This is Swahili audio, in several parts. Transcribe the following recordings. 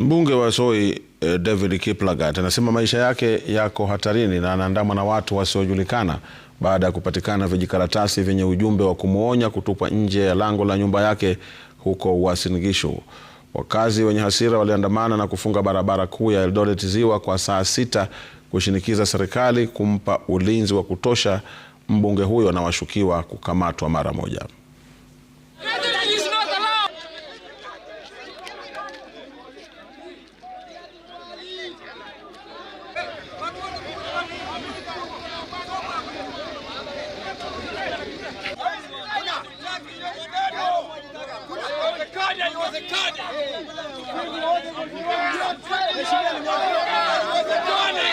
Mbunge wa Soy eh, David Kiplagat anasema maisha yake yako hatarini na anaandamwa na watu wasiojulikana baada ya kupatikana vijikaratasi vyenye ujumbe wa kumwonya kutupwa nje ya lango la nyumba yake huko Uasin Gishu. Wakazi wenye hasira waliandamana na kufunga barabara kuu ya Eldoret Ziwa kwa saa sita kushinikiza serikali kumpa ulinzi wa kutosha mbunge huyo na washukiwa kukamatwa mara moja. haiwezekani.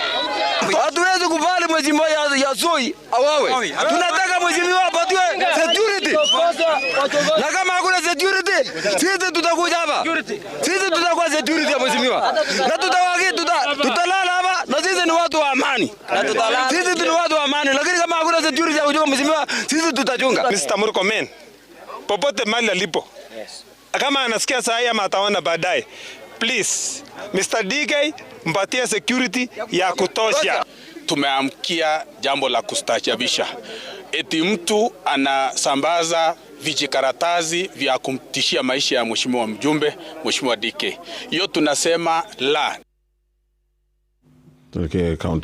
Hatuwezi kubali mwezi mmoja ya zoi awawe, tunataka mwezi mmoja apatiwe security, na kama hakuna security, sisi tutakuja hapa, sisi tutakuwa security ya mwezi mmoja na tutawaki, tuta tutalala hapa, na sisi ni watu wa amani, Na tutalala. sisi ni watu wa amani, lakini kama hakuna security ya kuchunga mwezi sisi tutajunga. Mr. Murkomen popote mali alipo kama anasikia saa hii ama ataona baadaye. Please Mr. DK mpatie security ya kutosha. Tumeamkia jambo la kustaajabisha, eti mtu anasambaza vijikaratasi vya kumtishia maisha ya mheshimiwa mjumbe, mheshimiwa DK. Hiyo tunasema la. Okay,